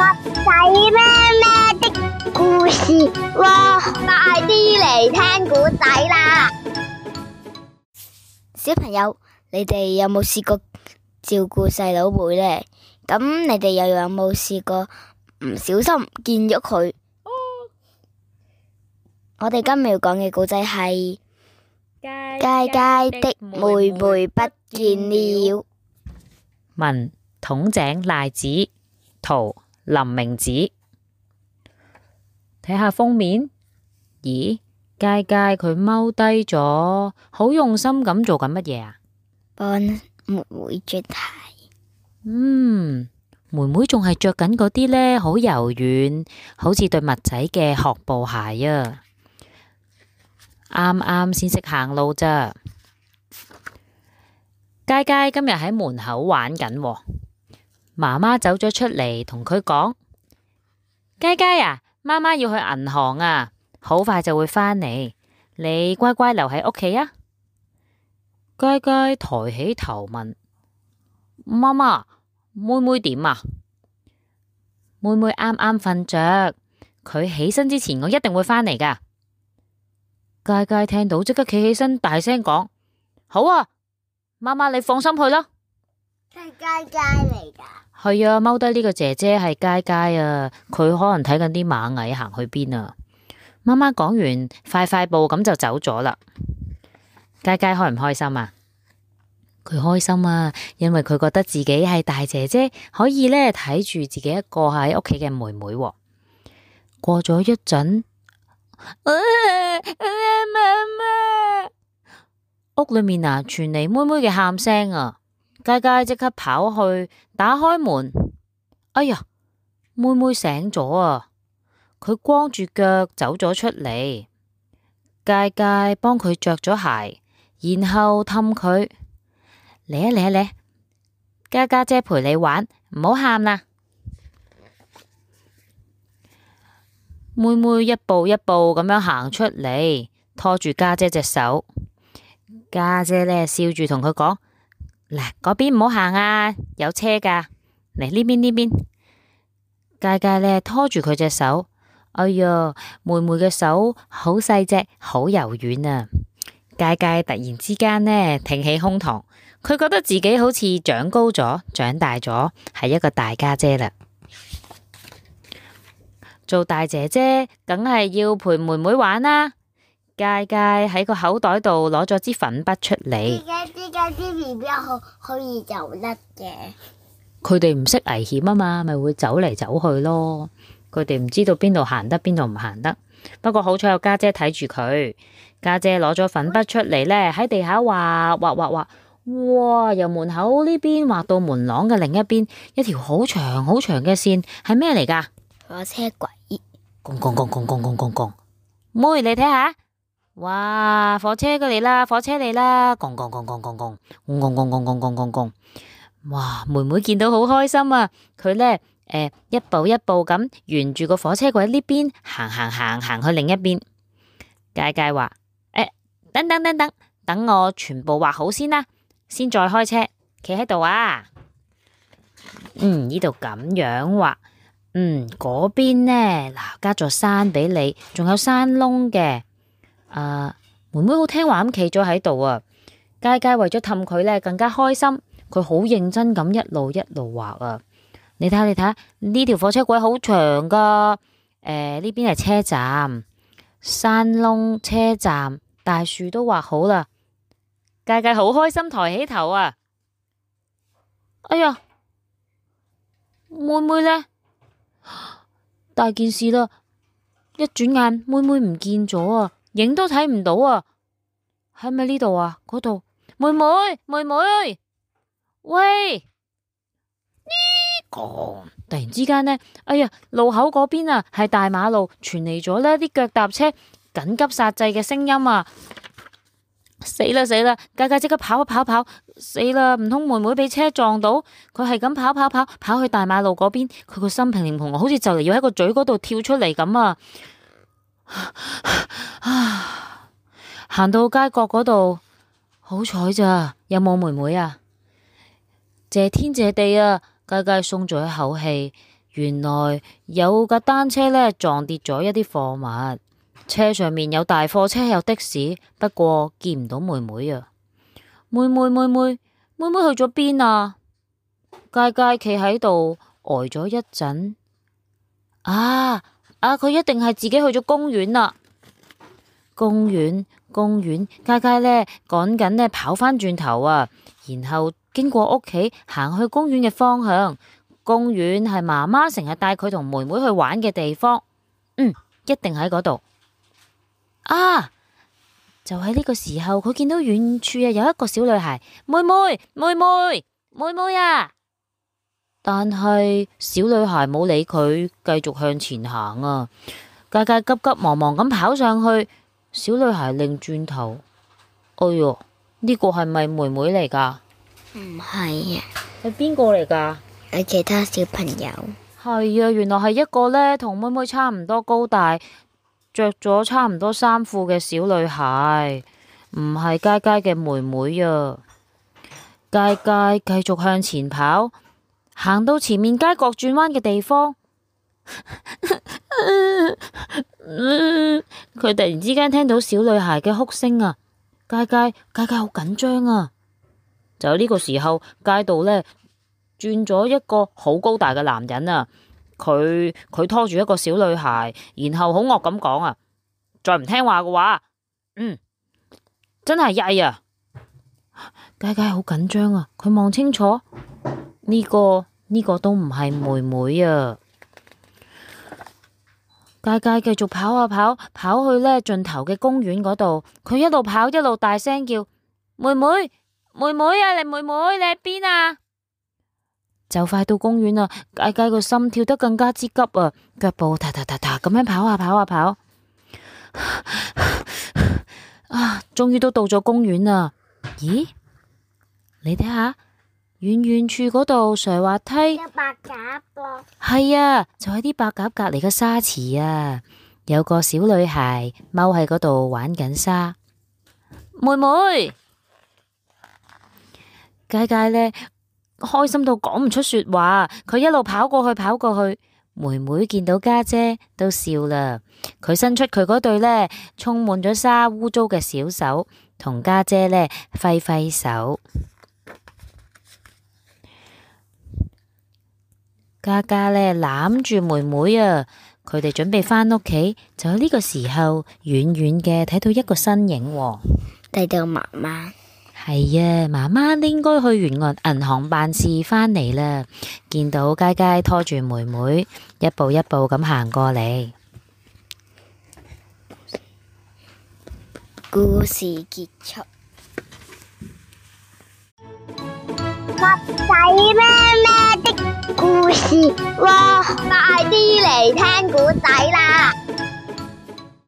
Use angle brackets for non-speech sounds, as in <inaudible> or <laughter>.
仔咩咩的故事，哇！快啲嚟聽古仔啦，小朋友，你哋有冇試過照顧細佬妹呢？咁你哋又有冇試過唔小心見咗佢？我哋今日要講嘅古仔係佳佳的妹妹不見了。文：筒井賴子。圖。林明子，睇下封面，咦？佳佳佢踎低咗，好用心咁做緊乜嘢啊？幫妹妹着鞋。嗯，妹妹仲係着緊嗰啲呢，好柔軟，好似對襪仔嘅學步鞋啊。啱啱先識行路咋。佳佳今日喺門口玩緊。媽媽走咗出嚟，同佢講：佳佳啊，媽媽要去銀行啊，好快就會返嚟，你乖乖留喺屋企啊。佳佳抬起頭問：媽媽，妹妹點啊？妹妹啱啱瞓着，佢起身之前，我一定會返嚟噶。佳佳聽到即刻企起身，大聲講：好啊，媽媽你放心去囉。係佳佳嚟噶。係啊，踎低呢個姐姐係佳佳啊，佢可能睇緊啲螞蟻行去邊啊。媽媽講完快快步咁就走咗啦。佳佳開唔開心啊？佢開心啊，因為佢覺得自己係大姐姐，可以呢睇住自己一個喺屋企嘅妹妹，啊。過咗一陣，啊、媽媽屋裏面啊，傳嚟妹妹嘅喊聲啊。佳佳即刻跑去打開門。哎呀，妹妹醒咗啊！佢光住腳走咗出嚟，佳佳幫佢着咗鞋，然後氹佢嚟啊嚟啊嚟！佳佳姐陪你玩，唔好喊啦。妹妹一步一步咁樣行出嚟，拖住佳姐隻手。佳姐咧笑住同佢講。嗱，嗰邊唔好行啊，有車噶。嚟呢邊呢邊，佳佳咧拖住佢隻手。哎喲，妹妹嘅手好細隻，好柔軟啊。佳佳突然之間呢挺起胸膛，佢覺得自己好似長高咗、長大咗，係一個大家姐啦。做大姐姐，梗係要陪妹妹玩啦。佳佳喺個口袋度攞咗支粉筆出嚟。啲 B B 可可以走甩嘅，佢哋唔識危險啊嘛，咪會走嚟走去咯。佢哋唔知道邊度行得，邊度唔行得。不過好彩有家姐睇住佢，家姐攞咗粉筆出嚟呢，喺地下畫畫畫畫，哇！由門口呢邊畫到門廊嘅另一邊，一條好長好長嘅線係咩嚟㗎？火車軌，公公公公公公公！妹，你睇下。哇！火車過嚟啦，火車嚟啦，咣咣咣咣咣咣，咣咣咣咣咣咣咣。哇！妹妹見到好開心啊，佢咧誒一步一步咁沿住個火車軌呢邊行行行行去另一邊。佳佳話：誒、欸，等等等等，等我全部畫好先啦，先再開車。企喺度啊，嗯，呢度咁樣畫，嗯，嗰邊呢嗱加座山俾你，仲有山窿嘅。Uh, 妹妹啊！妹妹好聽話咁企咗喺度啊！佳佳為咗氹佢呢更加開心。佢好認真咁一路一路畫啊！你睇你睇，呢條火車軌好長噶。誒、呃，呢邊係車站山窿，車站大樹都畫好啦。佳佳好開心，抬起頭啊！哎呀，妹妹呢？ <laughs> 大件事啦！一轉眼，妹妹唔見咗啊！影都睇唔到啊！係咪呢度啊？嗰度妹妹，妹妹喂！呢、這個突然之間呢，哎呀，路口嗰邊啊，係大馬路，傳嚟咗呢啲腳踏車緊急煞掣嘅聲音啊！死啦死啦！佳佳即刻跑跑跑！死啦！唔通妹妹俾車撞到？佢係咁跑跑跑跑去大馬路嗰邊，佢個心怦怦怦，好似就嚟要喺個嘴嗰度跳出嚟咁啊！行 <laughs> 到街角嗰度，好彩咋，有冇妹妹啊？謝天謝地啊！佳佳鬆咗一口氣，原來有架單車呢，撞跌咗一啲貨物，車上面有大貨車，有的士，不過見唔到妹妹啊！妹妹妹妹，妹，妹妹去咗邊啊佳佳企喺度呆咗一陣，啊！啊！佢一定係自己去咗公園啦。公園，公園，佳佳咧，趕緊咧跑翻轉頭啊！然後經過屋企，行去公園嘅方向。公園係媽媽成日帶佢同妹妹去玩嘅地方。嗯，一定喺嗰度。啊！就喺呢個時候，佢見到遠處啊有一個小女孩，妹妹，妹妹，妹妹啊！但係小女孩冇理佢，繼續向前行啊！佳佳急急忙忙咁跑上去，小女孩擰轉頭，哎喲，呢個係咪妹妹嚟噶？唔係啊，係邊個嚟噶？係其他小朋友。係啊，原來係一個呢，同妹妹差唔多高大，着咗差唔多衫褲嘅小女孩，唔係佳佳嘅妹妹啊！佳佳繼續向前跑。行到前面街角轉彎嘅地方，佢、 <laughs> 嗯、突然之間聽到小女孩嘅哭聲啊！佳佳，佳佳好緊張啊！就喺呢個時候，街道呢轉咗一個好高大嘅男人啊！佢佢拖住一個小女孩，然後好惡咁講啊！再唔聽話嘅話，嗯，真係曳啊！佳佳好緊張啊！佢望清楚呢、呢個。呢個都唔係妹妹啊！佳佳繼續跑啊跑，跑去呢盡頭嘅公園嗰度。佢一路跑一路大聲叫，妹妹，妹妹啊，你妹妹你喺邊啊？就快到公園啦，啊！佳佳個心跳得更加之急啊，腳步踏踏踏踏咁樣跑啊跑啊跑！啊， <laughs> <laughs> 終於都到咗公園啦！咦，你睇下。遠遠處嗰度斜滑梯有白鴿，係啊，就喺啲白鴿隔籬嘅沙池啊，有個小女孩踎喺嗰度玩緊沙。妹妹，佳佳咧開心到講唔出說話，佢一路跑過去，跑過去。妹妹見到家姐，姐都笑啦，佢伸出佢嗰對咧充滿咗沙污糟嘅小手，同家姐咧揮揮手。佳佳呢攬住妹妹啊，佢哋準備返屋企，就喺呢個時候，遠遠嘅睇到一個身影，睇到媽媽係啊，媽媽應該去完銀行辦事返嚟啦。見到佳佳拖住妹妹一步一步咁行過嚟，故事結束。襪仔咩咩故事喎，哇快啲嚟聽故仔啦！